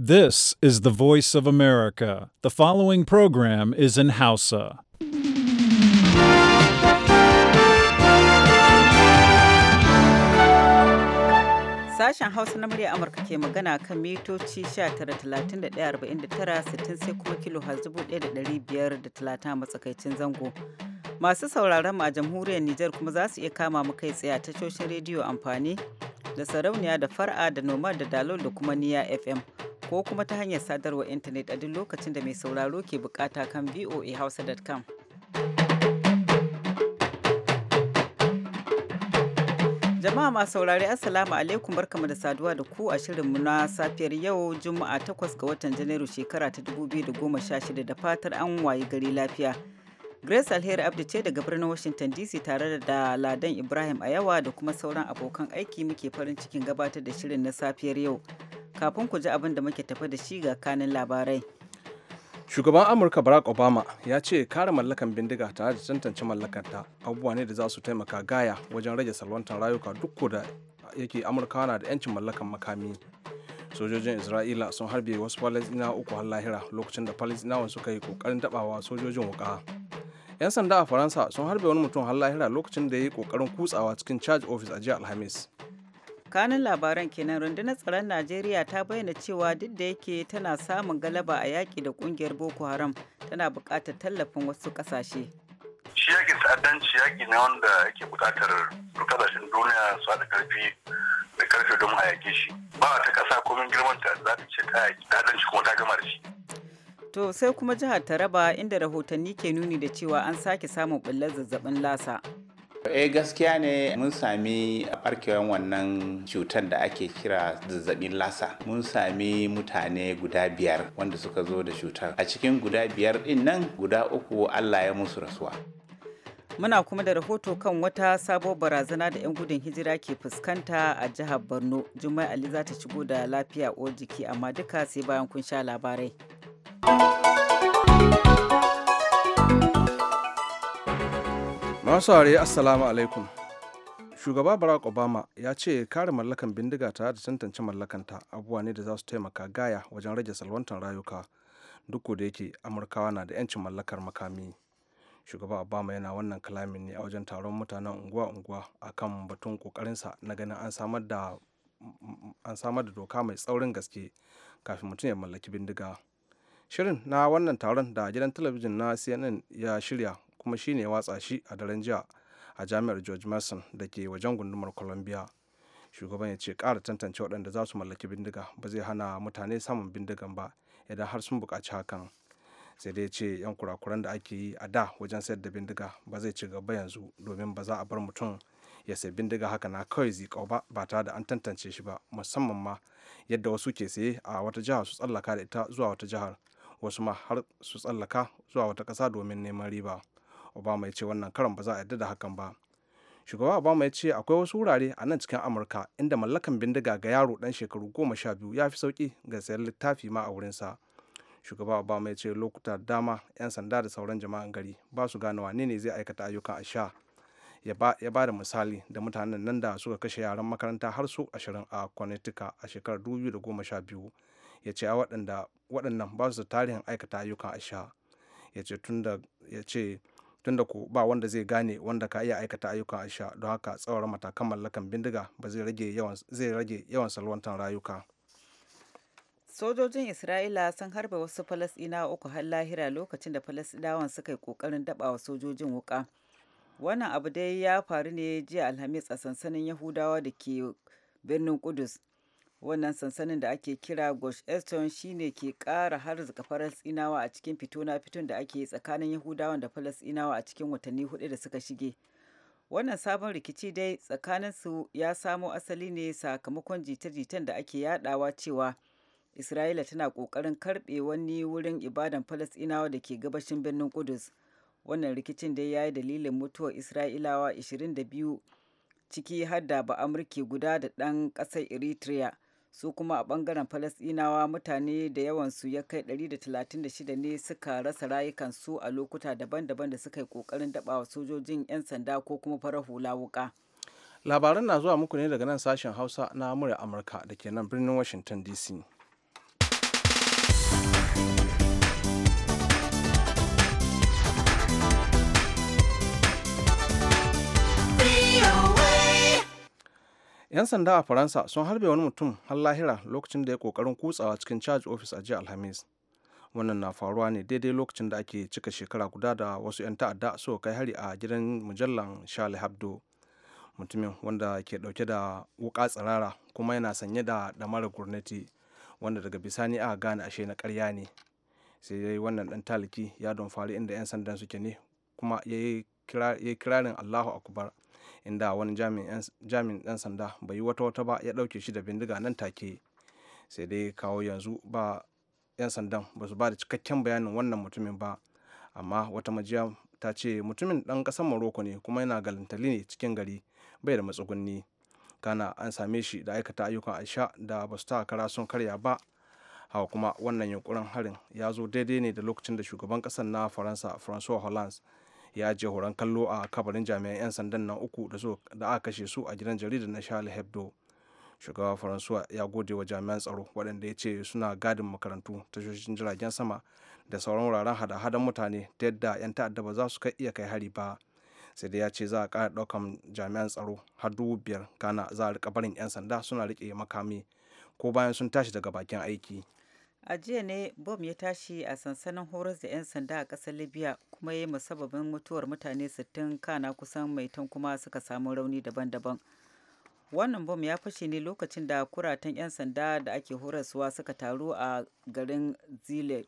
This is the voice of America. The following program is in Hausa. Sashen Hausa na murya Amurka ke magana kan mitoci sittin sai kuma kilo a matsakaicin zango. Masu sauraron mu a jamhuriyar Nijar kuma za su iya kama mu kai tsaye a tashoshin rediyo amfani da sarauniya da far'a da nomad da dalol da kuma niya FM. ko kuma ta hanyar sadarwar intanet a duk lokacin da mai sauraro ke bukata kan voahausa.com. Jama'a masu saurari Assalamu alaikum barkamu da saduwa da ku a shirinmu na safiyar yau Juma'a takwas ga watan Janairu shekara ta 2016 da fatar an wayi gari lafiya. Grace Alheri abdu ce daga birnin Washington DC tare da Ladan Ibrahim a yawa da kuma sauran abokan aiki muke farin cikin gabatar da shirin na safiyar yau. kafin ku ji abin da muke tafi da shi ga kanin labarai. Shugaban Amurka Barack Obama ya ce kare mallakan bindiga tare da tantance mallakanta abubuwa ne da za su taimaka gaya wajen rage salwantar rayuka duk da yake Amurkawa na da 'yancin mallakan makami. Sojojin Isra'ila sun harbe wasu Falasɗinawa uku har lahira lokacin da Falasɗinawan suka yi kokarin dabawa sojojin wuka. 'Yan sanda a Faransa sun harbe wani mutum har lahira lokacin da ya yi kokarin kutsawa cikin charge office a jiya Alhamis. kanin labaran kenan rundunar tsaron Najeriya ta bayyana cewa duk da yake tana samun galaba a yaƙi da ƙungiyar Boko Haram tana buƙatar tallafin wasu ƙasashe. Shi yaƙin ta'addanci yaƙi ne wanda yake buƙatar ƙasashen duniya su haɗa ƙarfi da ƙarfe don a yaƙi shi. Ba ta ƙasa komin girmanta za ta ce ta yaƙi ta'addanci kuma ta gama da shi. To sai kuma jihar Taraba inda rahotanni ke nuni da cewa an sake samun ɓullar zazzabin lasa. eh gaskiya ne mun sami barkewan wannan cutar da ake kira zazzabin lasa mun sami mutane guda biyar wanda suka zo da cutar a cikin guda biyar din nan guda uku allah ya musu rasuwa muna kuma da rahoto kan wata sabuwar barazana da 'yan gudun hijira ke fuskanta a jihar borno jumai ali za ta shigo da lafiya uwar jiki amma duka sai bayan kun sha labarai masu are assalamu alaikum shugaba barack obama ya ce kare mallakan bindiga tare da tantance mallakanta abubuwa ne da za su taimaka gaya wajen rage salwantar rayuka duk da yake amurkawa na da 'yancin mallakar makami shugaba obama yana wannan kalamin ne a wajen taron mutanen unguwa-unguwa a kan batun kokarinsa na ganin an samar da doka mai tsaurin gaske kafin mutum ya mallaki bindiga shirin na wannan taron da gidan talabijin na cnn ya shirya kuma shine ya watsa shi a daren jiya a jami'ar george mason da ke wajen gundumar columbia shugaban ya ce kara tantance waɗanda za su mallaki bindiga ba zai hana mutane samun bindigan ba idan har sun buƙaci hakan sai dai ce yan kurakuran da ake yi a da wajen sayar da bindiga ba zai ci gaba yanzu domin ba za a bar mutum ya sai bindiga haka na kawai zikau ba ba tare da an tantance shi ba musamman ma yadda wasu ke saye a wata jihar su tsallaka da ita zuwa wata jihar wasu ma har su tsallaka zuwa wata ƙasa domin neman riba obama ya ce wannan karan ba za a yarda da hakan ba shugaba obama ya ce akwai wasu wurare a nan cikin amurka inda mallakan bindiga ga yaro dan shekaru goma sha biyu ya fi sauki ga sayan littafi ma a wurinsa shugaba obama ya ce lokuta dama 'yan sanda da sauran jama'an gari ba su gane wane ne zai aikata ayyukan a sha ya ba da misali da mutanen nan da suka kashe yaran makaranta har su ashirin a connecticut a shekarar 2012 ya ce a waɗannan ba su da tarihin aikata ayyukan a sha ya ce tunda ku ba wanda zai gane wanda ka iya aikata ayyukan aisha don haka tsawar matakan mallakan bindiga ba zai rage yawan zai rage yawan salwantan rayuka sojojin isra'ila sun harba wasu falasɗina uku har lahira lokacin da falasɗinawan suka yi kokarin wa sojojin wuka wannan abu dai ya faru ne jiya alhamis a sansanin yahudawa da ke birnin kudus wannan sansanin da ake kira gosh eston shine ke ƙara harzuka falasɗinawa a cikin fitona na fiton da ake tsakanin yahudawan da falasɗinawa a cikin watanni hudu da suka shige wannan sabon rikici dai tsakaninsu ya samo asali ne sakamakon jita-jitan da ake yadawa cewa isra'ila tana ƙoƙarin karɓe wani wurin ibadan falasɗinawa da ke gabashin birnin kudus wannan rikicin dai ya yi dalilin mutuwar isra'ilawa 22 ciki har da ba amurki guda da ɗan ƙasar eritrea su kuma a bangaren falasdinawa mutane da yawansu ya kai 136 ne suka rasa rayukansu a lokuta daban-daban da suka yi kokarin dabawa sojojin 'yan sanda ko kuma farar hula wuka labaran na zuwa muku ne daga nan sashen hausa na amurka da ke nan birnin washington dc 'yan sanda a faransa sun harbe wani mutum har lahira lokacin da ya kokarin kutsawa cikin charge office a jiya alhamis wannan na faruwa ne daidai lokacin da ake cika shekara guda da wasu 'yan ta'adda so kai hari a gidan mujallan charlie habdo mutumin wanda ke dauke da wuka tsirara kuma yana sanye da damarar gurnati wanda daga bisani aka gane ashe na karya ne sai dai wannan dan taliki ya don faru inda 'yan sandan suke ne kuma ya yi kirarin allahu akbar inda wani jami'in ɗan sanda bai yi wata wata ba ya ɗauke shi da bindiga nan take sai dai kawo yanzu ba 'yan sandan ba su ba da cikakken bayanin wannan mutumin ba amma wata majiya ta ce mutumin ɗan ƙasar morocco ne kuma yana galantali ne cikin gari bai da matsugunni kana an same shi da aikata ayyukan aisha da ba su kara sun karya ba hawa kuma wannan yunkurin harin ya zo daidai ne da lokacin da shugaban ƙasar na faransa francois hollande ya je horon kallo a kabarin jami'an 'yan sandan na uku da aka kashe su a gidan jaridar na Charlie Hebdo. Shugaban Faransuwa ya gode wa jami'an tsaro waɗanda ya ce suna gadin makarantu, tashoshin jiragen sama da sauran wuraren hada-hadan mutane ta yadda 'yan ta'adda ba za su kai iya kai hari ba. Sai dai ya ce za a ƙara ɗaukan jami'an tsaro har dubu biyar kana za a riƙa barin 'yan sanda suna riƙe makami ko bayan sun tashi daga bakin aiki. a jiya ne bom ya tashi a sansanin horar da 'yan sanda a ƙasar libya kuma ya yi musababin mutuwar mutane 60 kana kusan mai kuma suka samu rauni daban-daban wannan bom ya fashe ne lokacin da kuratan 'yan sanda da ake horaswa suka taru a garin zile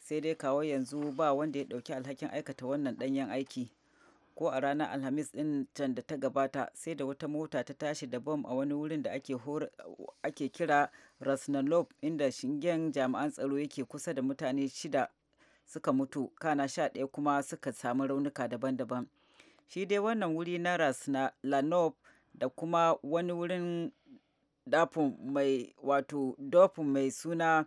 sai dai kawo yanzu ba wanda ya ɗauki alhakin aikata wannan ɗanyen aiki ko a ranar alhamis din can da ta gabata sai da wata mota ta tashi da bom a wani wurin da ake, kira rasnalop inda shingen jami'an tsaro yake kusa da mutane shida suka mutu kana sha ɗaya kuma suka samu raunuka daban-daban shi dai wannan wuri na rasnalop da kuma wani wurin dafin mai wato dafin mai suna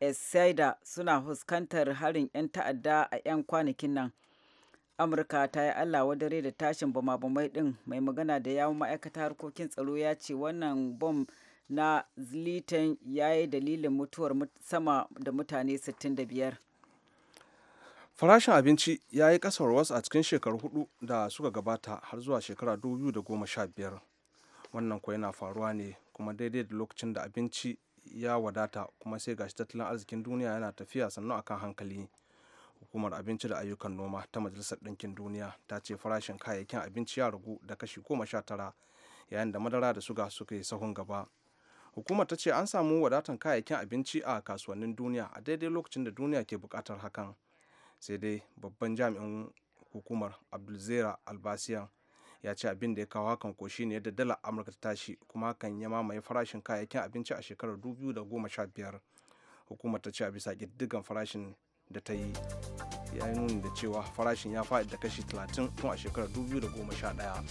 esaida suna fuskantar harin 'yan ta'adda a 'yan kwanakin nan amurka ta yi allah dare da tashin bama-bamai din mai magana da yawon ma'aikata harkokin tsaro ya ce wannan bom na zlitan ya yi dalilin mutuwar sama da mutane 65 farashin abinci ya yi kasar wasu a cikin shekaru hudu da suka gabata har zuwa shekara 2015 wannan kuwa yana faruwa ne kuma daidai da lokacin da abinci ya wadata kuma sai gashi tattalin arzikin duniya yana tafiya sannu akan hankali hukumar abinci da ayyukan noma ta majalisar ɗinkin duniya ta ce farashin kayayyakin abinci ya ragu da kashi goma sha tara yayin da madara da suga suka yi sahun gaba hukumar ta ce an samu wadatan kayayyakin abinci a kasuwannin duniya a daidai lokacin da duniya ke buƙatar hakan sai dai babban jami'in hukumar abdulzera albasiyan ya ce abin da ya kawo hakan ko ne yadda dalar amurka ta tashi kuma hakan ya mamaye farashin kayayyakin abinci a shekarar dubu da goma sha biyar. hukumar ta ce a bisa ƙididdigan farashin da ta yi ya yi nuni da cewa farashin ya faɗi da kashi 30 tun a shekarar 2011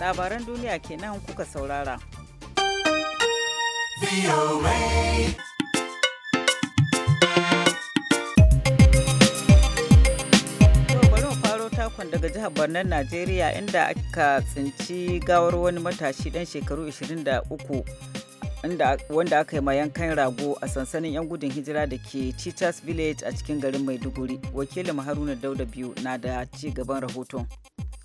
labaran duniya kenan kuka saurara daga jihar Barnar Najeriya inda aka tsinci gawar wani matashi dan shekaru 23 wanda aka yi ma yankan rago a sansanin 'yan gudun hijira da ke Cheetahs Village a cikin garin Maiduguri. Wakilin Haruna Dauda biyu na da ci gaban rahoton.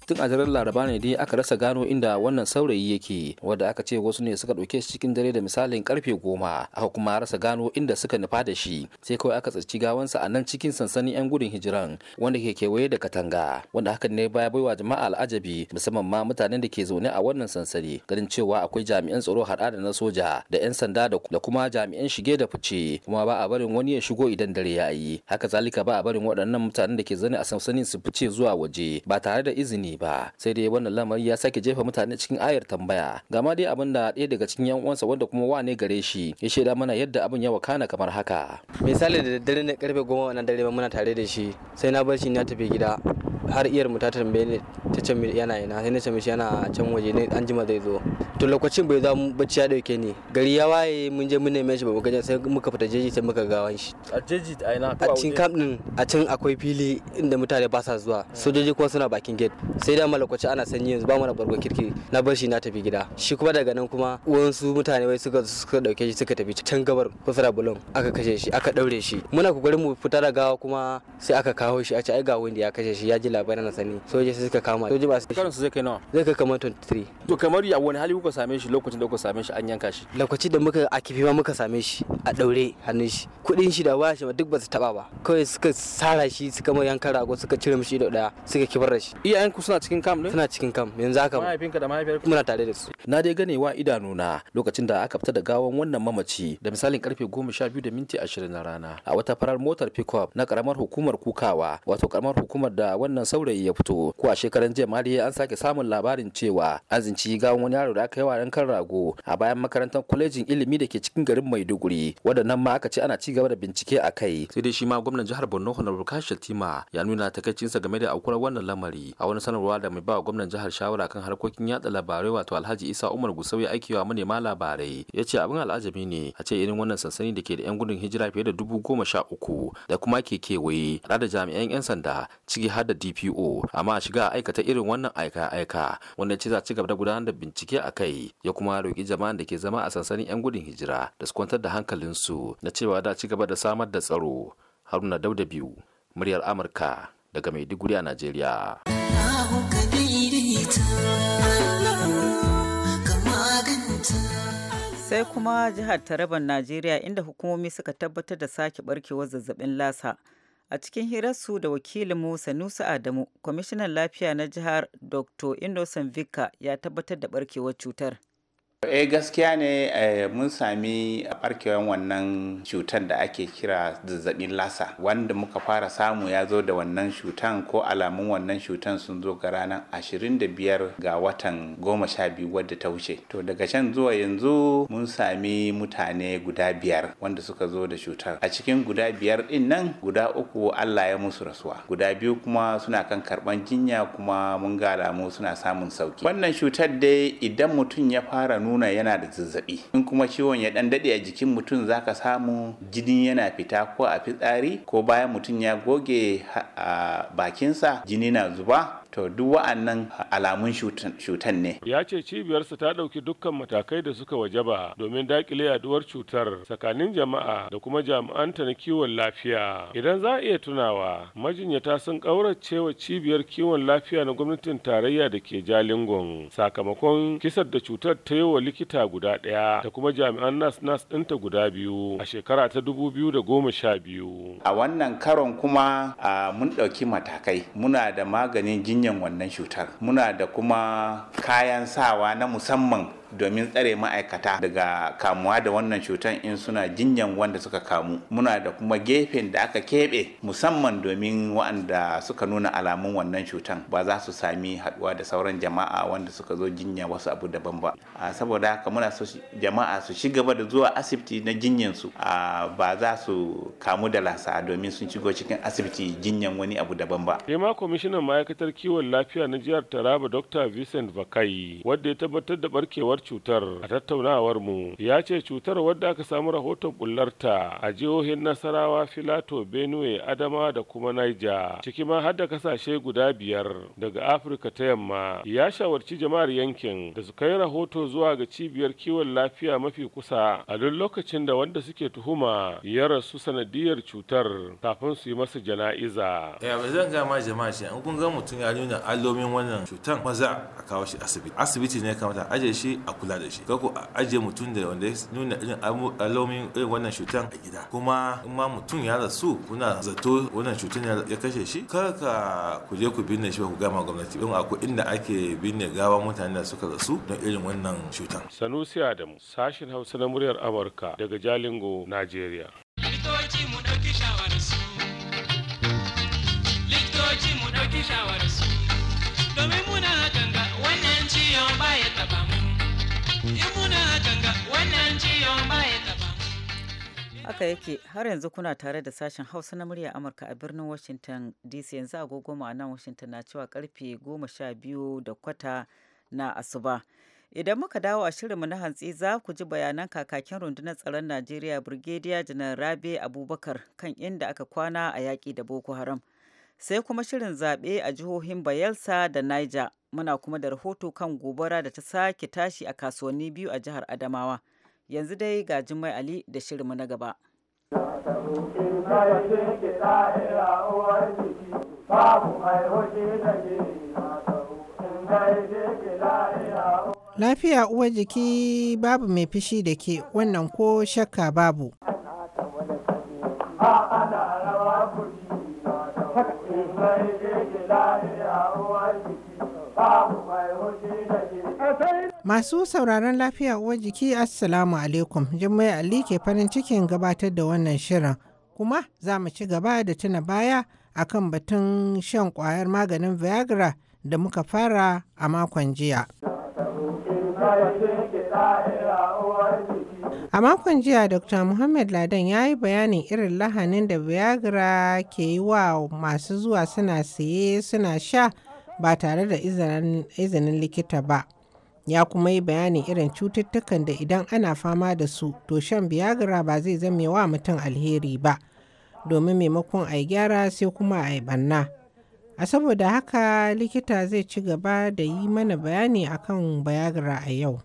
tun a daren laraba ne dai aka rasa gano inda wannan saurayi yake wanda aka ce wasu ne suka ɗauke shi cikin dare da misalin karfe goma aka kuma rasa gano inda suka nufa da shi sai kawai aka tsaci gawansa a nan cikin sansanin yan gudun hijiran wanda ke kewaye da katanga wanda hakan ne baya baiwa jama'a al'ajabi musamman ma mutanen da ke zaune a wannan sansani ganin cewa akwai jami'an tsaro haɗa da na soja da 'yan sanda da kuma jami'an shige da fice kuma ba a barin wani ya shigo idan dare ya yi haka zalika ba a barin waɗannan mutanen da ke zaune a sansanin su fice zuwa waje ba tare da izini ba sai dai wannan lamari ya sake jefa mutane cikin ayar tambaya gama dai abin da ɗaya daga cikin yan uwansa wanda kuma wane gare shi ya shaida mana yadda abin ya wakana kamar haka misali da daddare ne karfe goma na dare muna tare da shi sai na bar shi na tafi gida har iyar mu ta tambaye ni ta can yana ina sai na ce mishi yana can waje ne an jima zai zo to lokacin bai za mu bacci ya dauke ni gari ya waye mun je mun neme shi babu gajen sai muka fita jeji sai muka ga shi a jeji a ina a cikin camp din a can akwai fili inda mutane ba sa zuwa hmm. sojoji kuma suna bakin gate sai da malakwaci ana sanyi yanzu ba mu da bargo kirki na bar shi na tafi gida shi kuma daga nan kuma wasu mutane wai suka suka dauke shi suka tafi can gabar kusa da bulon aka kashe shi aka daure shi muna kokarin mu fita da gawa kuma sai aka kawo shi a ce ai ga wanda ya kashe shi ya ji labarin na sani soje sai suka kama soje ba su karansu zai kai nawa zai kai kamar 23 to kamar ya wani hali kuka same shi lokacin da kuka same shi an yanka shi lokacin da muka a kifi ma muka same shi a daure hannun shi kudin shi da bashi duk ba su taba ba kawai suka sara shi suka mai yanka rago suka cire mishi ido daya suka kibar da shi iyayen ku suna cikin kam ne suna cikin kam yanzu haka mahaifinka da mahaifiyarka muna tare da su na dai ganewa idanuna lokacin da aka fita da gawan wannan mamaci da misalin karfe goma da minti na rana a wata farar motar pickup na karamar hukumar kukawa wato karamar hukumar da wannan saurayi ya fito ko a shekaran jiya mali an sake samun labarin cewa azinci gawan wani yaro da aka yi wa kan rago a bayan makarantar kwalejin ilimi da ke cikin garin maiduguri waɗannan ma aka ce ana ci gaba da bincike a kai sai dai shi ma gwamnan jihar borno honorable kashi shatima ya nuna takaicinsa game da aukuwar wannan lamari a wani sanarwar. sanarwa da mai ba gwamnan jihar shawara kan harkokin yada labarai wato alhaji isa umar gusau ya aikewa manema labarai ya ce abin al'ajabi ne a ce irin wannan sansani da ke da yan gudun hijira fiye da dubu goma sha uku da kuma ke kewaye da jami'an yan sanda ciki har da dpo amma a shiga aikata irin wannan aika-aika wanda ce za ci gaba da gudanar da bincike a kai ya kuma roƙi jama'an da ke zama a sansanin yan gudun hijira da su kwantar da hankalinsu na cewa da ci gaba da samar da tsaro haruna dauda biyu muryar amurka daga maiduguri a najeriya. sai kuma jihar taraban najeriya inda hukumomi suka tabbatar da sake barkewar zazzabin lasa a cikin hirarsu da wakilinmu sanusi adamu kwamishinan lafiya na jihar dr innocent vika ya tabbatar da barkewar cutar eh gaskiya ne eh, mun sami barkewan wannan cutar da ake kira zazzabin lasa wanda muka fara samu ya zo da wannan cutan ko alamun wannan cutan sun zo ga ranar 25 ga watan 12 wadda ta wuce to daga can zuwa yanzu mun sami mutane guda biyar wanda suka zo da cutar a cikin guda biyar din nan guda uku allah ya musu rasuwa guda biyu kuma suna kan karban jinya kuma mun ga alamu suna samun sauki wannan cutar dai idan mutum ya fara nuna nuna yana da zazzabi in kuma ciwon ya dan dade a jikin mutum zaka samu jini yana fita ko a fitsari ko bayan mutum ya goge a bakinsa jini na zuba to duk wa'annan alamun cutan ne ya ce cibiyarsa ta ɗauki dukkan matakai da suka wajaba domin daƙile yaduwar cutar tsakanin jama'a da kuma jami'anta na kiwon lafiya idan za a iya tunawa majinyata sun ƙaurace wa cibiyar kiwon lafiya na gwamnatin tarayya da ke jalingon sakamakon kisar da cutar ta yi wa likita guda ɗaya da kuma jami'an nas nas ɗinta guda biyu a shekara ta dubu biyu da goma sha biyu a wannan karon kuma mun ɗauki matakai muna da maganin jinya kunyan wannan cutar muna da kuma kayan sawa na musamman domin tsare ma'aikata daga kamuwa da wannan cutan in suna jinyan wanda suka kamu muna da kuma gefen da aka keɓe musamman domin waɗanda suka nuna alamun wannan cutan ba za su sami haɗuwa da sauran jama'a wanda suka zo jinya wasu abu daban ba saboda haka muna so jama'a su ci gaba da zuwa asibiti na jinyan su ba za su kamu da lasa domin sun shigo cikin asibiti jinyan wani abu daban ba. kuma kwamishinan ma'aikatar kiwon lafiya na jihar Taraba Dr. Vincent Vakai wadda ya tabbatar da barkewar cutar a tattaunawar mu ya ce cutar wadda aka samu rahoton bullarta a jihohin Nasarawa, Filato, Benue, Adama da kuma naija ciki ma har da kasashe guda biyar daga Afirka ta yamma ya shawarci jama'ar yankin da su kai rahoto zuwa ga cibiyar kiwon lafiya mafi kusa a duk lokacin da wanda suke tuhuma ya rasu sanadiyar cutar kafin su yi masa jana'iza. Ya eh, ba zan gama jama'a shi an kun ga mutum ya nuna allomin wannan cutar maza a kawo shi asibiti. Asibiti ne kamata aje shi a kula da shi kako a ajiye mutum da wanda ya nuna irin alomin irin wannan cutan a gida kuma in ma mutum ya rasu kuna zato wannan cutan ya kashe shi kar ka ku je ku binne shi ba ku gama gwamnati don akwai inda ake binne gawa mutane da suka rasu don irin wannan cutan sanusi adamu sashin hausa na muryar amurka daga jalingo najeriya likitoci mu ɗauki shawararsu likitoci mu ɗauki shawararsu Haka yake har yanzu kuna tare da sashen Hausa na murya Amurka a birnin Washington DC yanzu agogo nan Washington na cewa karfe goma sha biyu da kwata na asuba. Idan muka dawo a shirinmu na hantsi za ku ji bayanan kakakin rundunar tsaron Najeriya Brigadier Janar Rabe Abubakar kan inda aka kwana a yaƙi da Boko Haram. Sai kuma shirin zaɓe a jihohin Bayelsa da Niger. Muna kuma da rahoto kan gobara da ta sake tashi a kasuwanni biyu a jihar Adamawa. yanzu dai ga jimai Ali da shirinmu na gaba. Lafiya uwar jiki babu mai fishi da ke wannan ko shakka babu. Masu sauraron lafiya uwar jiki Assalamu alaikum Jummai Ali ke farin cikin gabatar da wannan shirin kuma za mu ci gaba da tuna baya a kan batun shan kwayar maganin Viagra da muka fara a makon jiya. A makon jiya Dr. Muhammad Ladan ya yi bayanin irin lahanin da Viagra ke yi wa masu zuwa suna siye suna sha ba tare da izinin likita ba. ya kuma yi bayanin irin cututtukan da idan ana fama da su to shan biyagara ba zai zame wa mutum alheri ba domin maimakon a yi gyara sai kuma a yi banna a saboda haka likita zai ci gaba da yi mana bayani akan biyagara a yau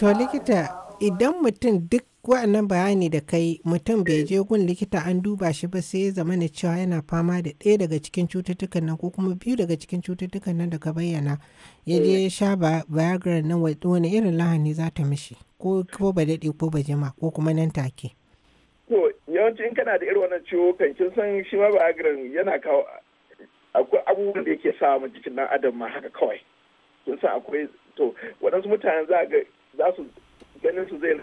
to likita idan mutum duk duk waɗannan bayani da kai mutum bai je gun likita an duba shi ba sai ya zama na cewa yana fama da ɗaya daga cikin cututtukan nan ko kuma biyu daga cikin cututtukan nan da ka bayyana ya je ya sha viagra nan wani irin lahani za ta mishi ko ko ba daɗe ko ba jima ko kuma nan take. to yawanci in kana da irin wannan ciwo kan kin san shi ma viagra yana kawo akwai abubuwan da yake sa mu jikin ɗan adam ma haka kawai kin san akwai to waɗansu mutane za ga za su ganin su zai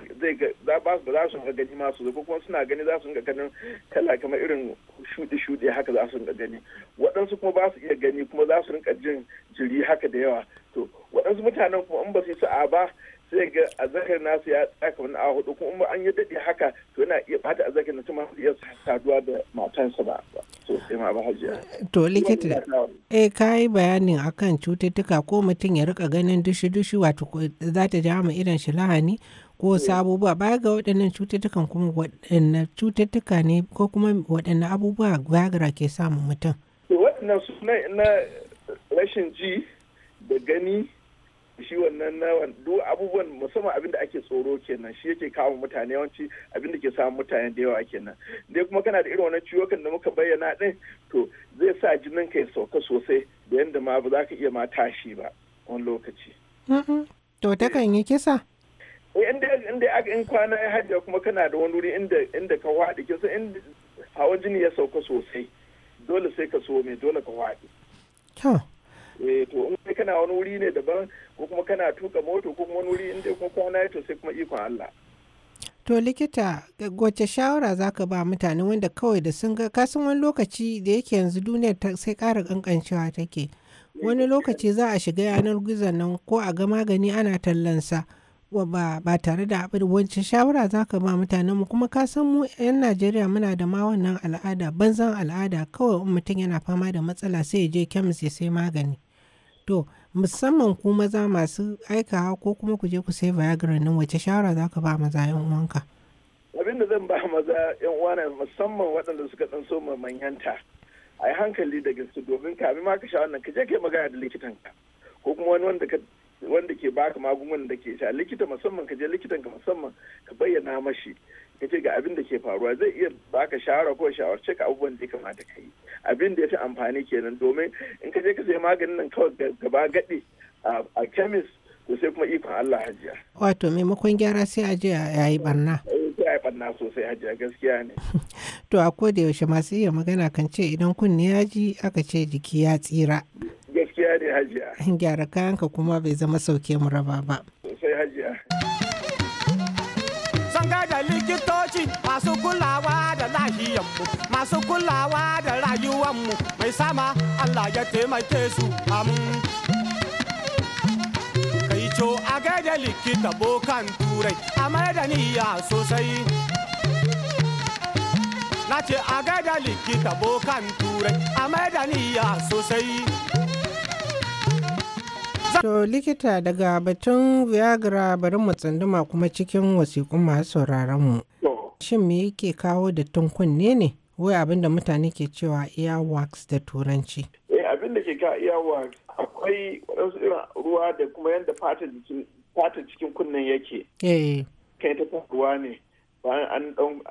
zai ba su za su ga gani masu ko kuma suna gani za su ga ganin kala kamar irin shudi shudi haka za su ga gani waɗansu kuma ba su iya gani kuma za su rinka jin jiri haka da yawa to waɗansu mutanen kuma in ba su yi sa'a ba sai ga azakar nasu ya tsaka wani a hudu kuma an yi daɗe haka to yana iya bata azakar nasu ma iya saduwa da matansa ba sai ma ba hajiya. To likita eh ka yi bayanin akan cututtuka ko mutum ya rika ganin dushi-dushi wato za ta jama irin shi lahani ko mm. ba baya ga waɗannan cututtukan kuma waɗanne cututtuka ne ko kuma waɗanne abubuwa viagra ke samun mutum. Waɗannan su na rashin ji da gani shi wannan nawan, duk abubuwan musamman abin da ake tsoro kenan shi yake kawo mutane yawanci abin da ke samun mutane da yawa kenan dai kuma kana da irin wannan kan da muka bayyana din to zai sa jinin ka ya sauka sosai da yanda ma ba za ka iya ma tashi ba wani lokaci. Mm-hmm. to ta kan yi kisa. inda eh, inda in kwana ya hajja kuma kana da wani wuri inda inda ka waɗi kisa inda hawan jini ya sauka sosai dole sai ka so mai dole ka waɗi. eh to in kai kana wani wuri ne daban ko kuma kana tuka moto ko kuma wani wuri inda kuma kwana to sai kuma ikon Allah To likita wace shawara za ka ba mutane wanda kawai da sun ga kasan wani lokaci da yake yanzu duniyar sai kara kankancewa take wani lokaci za a shiga yanar gizon nan ko a ga magani ana tallansa ba ba tare da abin wacce shawara za ka ba mutanen mu kuma kasan mu yan Najeriya muna da ma wannan al'ada banzan al'ada kawai mutum yana fama da matsala sai ya je kemis ya sai magani to musamman ku maza masu aikawa ko kuma ku je ku sai viagra nan wace shawara za ka ba maza yan uwanka abin da zan ba maza yan uwana musamman waɗanda suka ɗan so ma manyanta a yi hankali da gaske domin abin ma ka sha wannan ka je magana da likitanka ko kuma wani wanda ka wanda ke baka magungunan da ke sha likita musamman ka je likitan musamman ka bayyana mashi ka ce ga abin da ke faruwa zai iya baka shawara ko shawarce ka abubuwan da ya kamata ka yi abin da ya fi amfani kenan domin in ka je ka sai maganin nan kawai gaba gaɗe a kemis to sai kuma ikon Allah hajiya. Wato maimakon gyara sai a je a yi barna. Eh, sai a yi barna sosai hajiya gaskiya ne. To a ko da yaushe masu iya magana kan ce idan kunne ya ji aka ce jiki ya tsira. Gaskiya ne hajiya. Gyara kayanka kuma bai zama sauke mu raba ba. Sosai hajiya. likitoci masu kulawa da lahiyanmu masu kulawa da mu mai sama Allah ya taimake su kai co a gaida likita bokan turai a da niyya sosai na ce a likita bokan turai a da niyya sosai To likita daga batun Viagra bari mu tsunduma kuma cikin wasiƙun masu sauraron mu. Shin me yake kawo da kunne ne? Wai abin da mutane ke cewa earwax da turanci. Eh abin da ke iya earwax akwai wadansu irin ruwa da kuma yadda fata cikin kunnen yake. Eh. Kai ta ruwa ne bayan an dan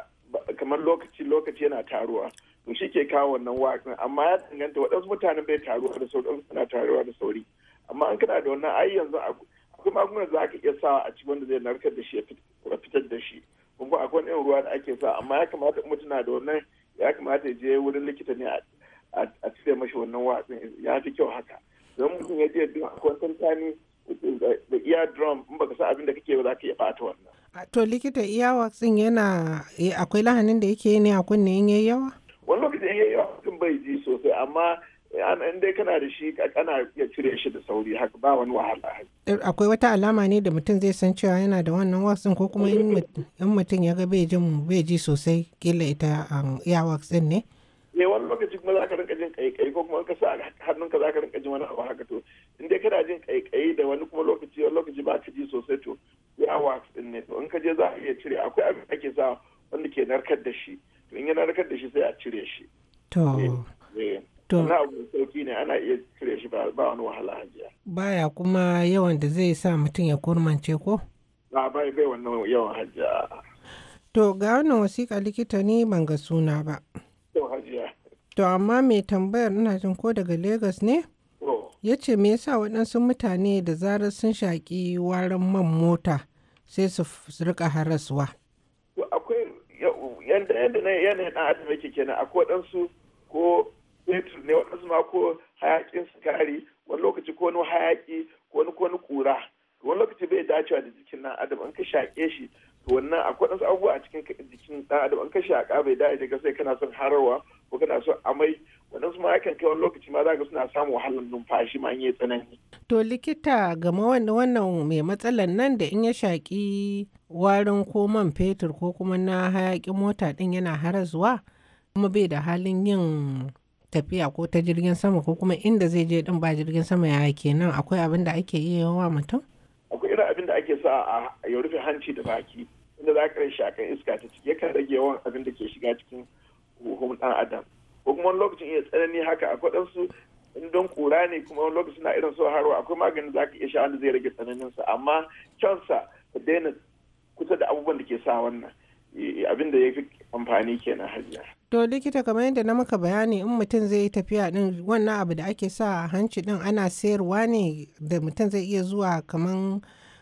kamar lokaci lokaci yana taruwa. To shi ke kawo wannan wax amma ya danganta waɗansu mutanen bai taruwa da sauri suna taruwa da sauri. amma an kana da wannan ai yanzu akwai magungunan za ka iya sawa a ci wanda zai narkar da shi ya fitar da shi kuma akwai irin ruwa da ake sa amma ya kamata in mutum na da wannan ya kamata ya je wurin likita ne a cire mashi wannan watsin ya fi kyau haka don mutum ya je don akwai tantani da iya drum in baka sa abin da kake ba za ka iya bata wannan. to likita iya watsin yana eh, akwai lahanin da yake ne a kunne in yayi yawa. wani lokacin in yayi yawa mutum bai ji sosai amma in dai kana da shi kana iya cire shi da sauri haka ba wani wahala eh, akwai wata alama ne da mutum zai san cewa yana da wannan waksin ko kuma in mutum ya ga bai jin bai ji sosai kila ita iya um, waksin ne ne eh, wani lokaci kuma za ka rinka jin kaikai ko kuma ka sa hannunka za ka rinka jin wani abu haka to in dai kana jin kaikai da wani kuma lokaci wani lokaci ba ka ji sosai to ya waksin ne to in ka je za a iya cire akwai abin da ake sa wanda ke narkar da shi to in ya narkar da shi sai a cire shi to eh, Wani abu sauki ne ana iya cire shi ba wani wahala hajiya. Baya kuma yawan da zai sa mutum ya kurmance ko? Ba bai bai wannan yawan hajiya. To ga wannan wasiƙa likita ne ban ga suna ba. To hajiya. To amma mai tambayar ina jin ko daga Legas ne? Ya ce me yasa waɗansu mutane da zarar sun shaƙi warin man mota sai su rika harasuwa. Akwai yadda yanayin ɗan adam kenan akwai waɗansu ko fetur ne waɗansu ma ko hayaƙin sigari wani lokaci ko wani hayaƙi ko wani ko wani ƙura wani lokaci bai dacewa da jikin ɗan adam an ka shaƙe shi to wannan akwai wasu abubuwa a cikin jikin ɗan adam an ka shaƙa bai dace daga sai kana son harawa ko kana son amai waɗansu ma yakan kai wani lokaci ma za ka suna samun wahalar numfashi ma yi tsanani. To likita game wani wannan mai matsalar nan da in ya shaƙi warin ko man fetur ko kuma na hayaƙin mota ɗin yana harazuwa kuma bai da halin yin tafiya ko ta jirgin sama ko kuma inda zai je din ba jirgin sama ya kenan akwai abin da ake yi wa mutum akwai irin abin da ake sa a ya rufe hanci da baki inda za ka rai shakan iska ta ciki yakan rage yawan abin da ke shiga cikin huhun dan adam ko kuma wani lokacin iya tsanani haka akwai ɗansu in don kura ne kuma wani lokacin na irin so haro akwai maganin za ka iya sha wanda zai rage sa amma sa ka daina kusa da abubuwan da ke sa wannan eh, abin da ya fi amfani kenan hajiya To likita kamar yadda na maka bayani in mutum zai yi tafiya din wannan abu da ake sa a hanci din ana sayarwa ne da mutum zai iya zuwa kamar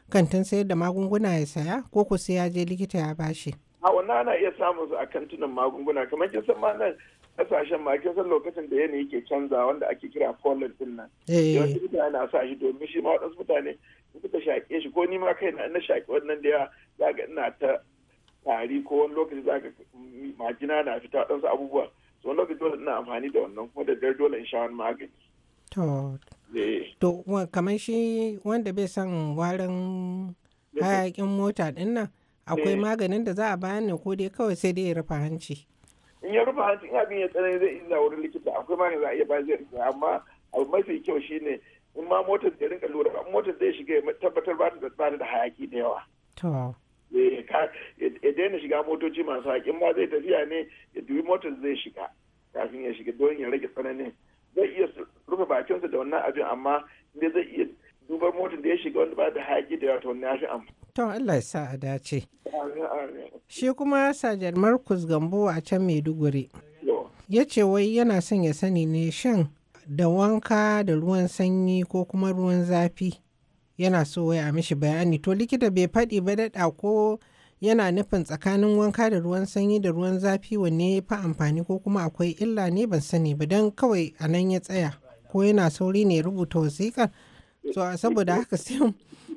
kantin sayar da magunguna ya saya ko ku sai ya je likita ya bashi. A wannan ana iya samun su a kantinan magunguna kamar kin san ma nan kasashen ma kin san lokacin da yanayi ke canza wanda ake kira pollen din nan. Eh. Yawanci mutane na sa shi domin shi ma waɗansu mutane suka shaƙe shi ko ni ma kai na shaƙe wannan da ya ga ina ta tari ko wani lokaci za ka majina na fita ɗansu abubuwa so wani lokaci dole ina amfani da wannan kuma da dare dole in sha wani magani. to eh. to kamar shi wanda bai san warin hayakin mota ɗin nan akwai eh. maganin da za a bayan ne ko dai kawai sai dai ya rufe hanci. in ya rufe hanci in abin ya tsanani zai illa wurin likita akwai maganin za a iya bayan zai rufe amma abu mafi kyau shine in ma motar da rinka lura motar zai shiga ya tabbatar ba ta da hayaki da yawa. Eh, ya daina shiga motoci masu haƙin ba zai tafiya ne ya dubi motar zai shiga kafin ya shiga don ya rage tsananin zai iya rufe bakinsa da wannan abin amma inda zai iya dubar motar da ya shiga wanda ba da haƙi da yawa ya fi amfani. to Allah ya sa a dace. Shi kuma Sajar Markus Gambo a can Maiduguri. Ya ce wai yana son ya sani ne shan da wanka da ruwan sanyi ko kuma ruwan zafi yana so ya mishi bayani to likita bai faɗi ba daɗa ko yana nufin tsakanin wanka da ruwan sanyi da ruwan zafi wanne ya fi amfani ko kuma akwai illa ne ban sani ba don kawai a nan ya tsaya ko yana sauri ne rubuta wasiƙar so saboda haka sai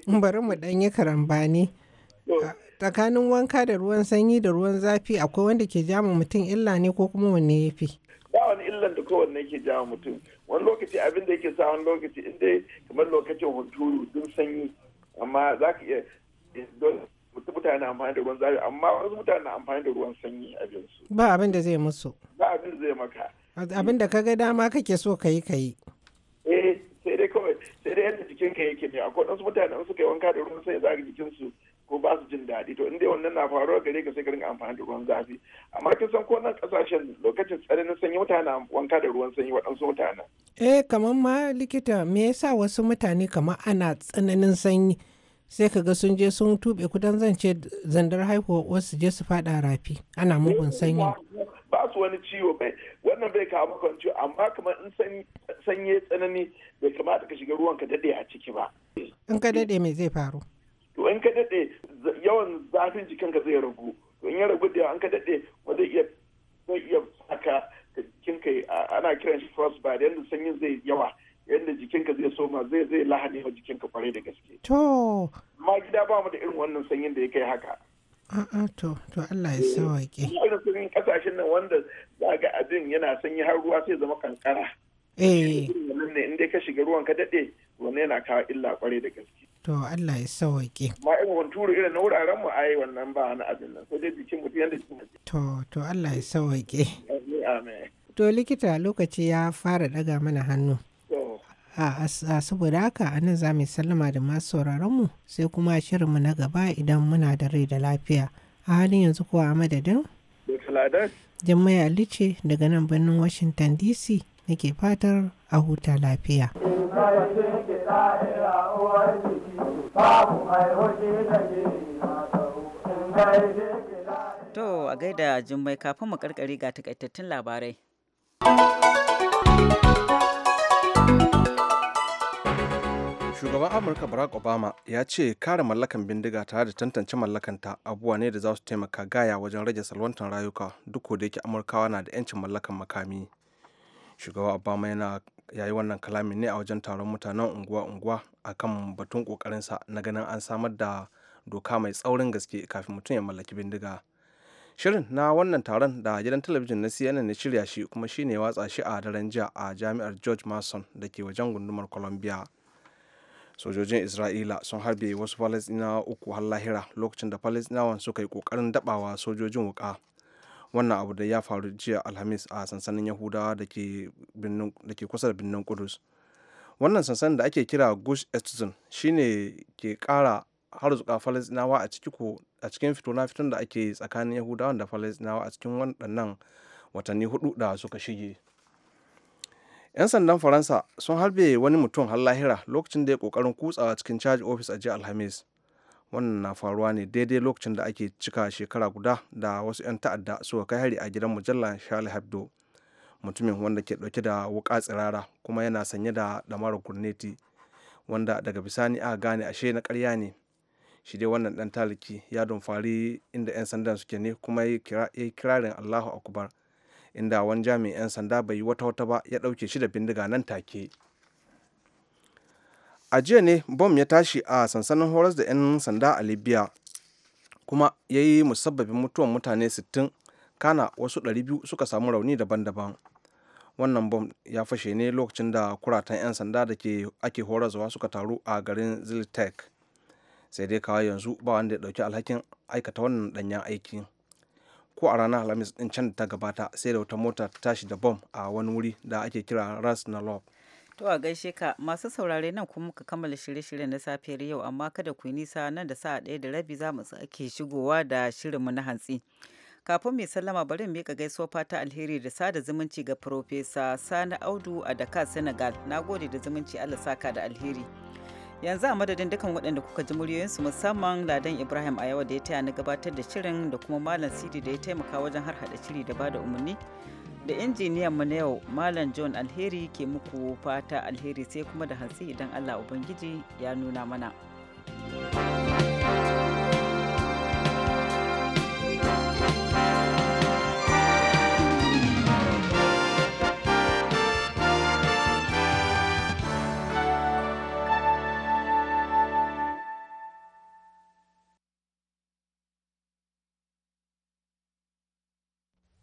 bari mu ɗan yi karambani tsakanin wanka da ruwan sanyi da ruwan zafi akwai wanda ke jama mutum illa ne ko kuma wanne ya fi da wani illan da kowanne ke jama mutum wani lokaci abin da yake sa wani lokaci inda kamar lokacin hunturu dun sanyi amma za ka iya don mutane amfani da ruwan zafi amma wasu mutane amfani da ruwan sanyi abin su ba abin da zai musu ba abin da zai maka abin da kaga dama kake so ka yi ka yi. eh sai dai kawai sai dai yadda jikin ka yake ne akwai wasu mutane in suka yi wanka da ruwan sanyi za ka jikinsu su ko ba su jin daɗi to inda wannan na faruwa gare ka sai ka dinga amfani da ruwan zafi amma kin san ko nan kasashen lokacin tsananin sanyi mutane wanka da ruwan sanyi waɗansu mutane. eh kamar ma likita me yasa wasu mutane kamar ana tsananin sanyi sai ka ga sun je sun tuɓe kudan ce zandar haihuwa wasu je su faɗa rafi ana mugun sanyi. ba su wani ciwo bai wannan bai kawo maka wani ciwo amma kamar in sanye tsanani bai kamata ka shiga ruwan ka dade a ciki ba in ka dade me zai faru to in ka dade yawan zafin jikinka zai ragu to in ya ragu da an ka daɗe ba zai iya zai iya jikinka ana kiran shi da yadda sanyin zai yawa yadda jikinka zai soma zai zai lahani wa jikinka kwarai da gaske to ma gida ba mu da irin wannan sanyin da ya kai haka a'a to to Allah ya sauke irin sanyin kasashen nan wanda za ga abin yana sanyi har ruwa sai zama kankara eh wannan ne in ka shiga ruwan ka daɗe wannan yana kawo illa kwarai da gaske To Allah ya sauwaƙe. Ma in wanturu irin na wuraren mu ai wannan ba na abin nan. Ko dai jikin mutum yadda jikin To to Allah ya sauwaƙe. Amin. To likita lokaci ya fara daga mana hannu. A saboda haka a nan za mu sallama da masu sauraronmu sai kuma shirinmu na gaba idan muna da rai da lafiya. A halin yanzu kuwa a madadin? Jummai Ali ce daga nan birnin Washington DC nake fatar a huta lafiya. lahira To a gaida jummai kafin mu karkare ga takaitattun labarai. Shugaban Amurka Barack Obama ya ce kare mallakan bindiga tare da tantance mallakanta abuwa ne da za su taimaka gaya wajen rage salwantar rayuka duk da yake Amurkawa na da 'yancin mallakan makami. shugaba obama yana yayi wannan kalamin ne a wajen taron mutanen unguwa-unguwa a kan batun kokarinsa na ganin an samar da doka mai tsaurin gaske kafin mutum ya mallaki bindiga shirin na wannan taron da gidan talabijin na cnn ya shirya shi kuma shine watsa shi a daren jiya a jami'ar george mason da ke wajen gundumar columbia sojojin isra'ila sun harbe wasu falasɗinawa uku har lahira lokacin da falasɗinawan suka yi kokarin dabawa sojojin wuka wannan abu da ya faru jiya alhamis a sansanin yahudawa da ke kusa da birnin kudus wannan sansanin da ake kira gush estzon shine ke kara harzuka falasinawa a cikin fito fiton da ake tsakanin yahudawa da falasinawa a cikin waɗannan watanni hudu da suka shige 'yan sandan faransa sun harbe wani mutum har lahira lokacin da ya kokarin kutsawa cikin caji ofis a jiya alhamis wannan na faruwa ne daidai lokacin da ake cika shekara guda da wasu 'yan ta'adda suka kai hari a gidan mujallar charlie hebdo mutumin wanda ke dauke da wuka tsirara kuma yana sanye da damar gurneti wanda daga bisani aka gane ashe na karya ne shi dai wannan dan taliki ya don fari inda 'yan sandan suke ne kuma ya yi kirarin allahu akbar inda wani jami'in 'yan sanda bai yi wata wata ba ya dauke shi da bindiga nan take a jiya ne bom ya tashi a sansanin horas da 'yan sanda a libya kuma ya yi musabbabin mutuwan mutane 60 kana wasu 200 suka samu rauni daban-daban wannan bom ya fashe ne lokacin da kuratan 'yan sanda da ke ake horaswa suka taru a garin ziltek sai dai kawai yanzu ba wanda ya dauki alhakin aikata wannan danyen aiki ko a ranar alhamis din can da ta gabata sai da wata mota ta tashi da bom a wani wuri da ake kira ras na lob To a gaishe ka masu saurare nan kuma muka kammala shirye-shiryen na safiyar yau amma kada ku yi nisa nan da sa'a ɗaya da rabi za mu sake shigowa da shirinmu na hantsi. Kafin mai sallama bari mu ka gaisuwa fata alheri da sada zumunci ga Profesa Sani Audu a Dakar Senegal. Na gode da zumunci Allah saka da alheri. Yanzu a madadin dukkan waɗanda kuka ji muryoyinsu musamman Ladan Ibrahim a yau da ya taya na gabatar da shirin da kuma Malam Sidi da ya taimaka wajen harhaɗa shiri da bada umarni. da injiniyan mu na yau malam john alheri ke muku fata alheri sai kuma da hatsi idan allah ubangiji ya nuna mana.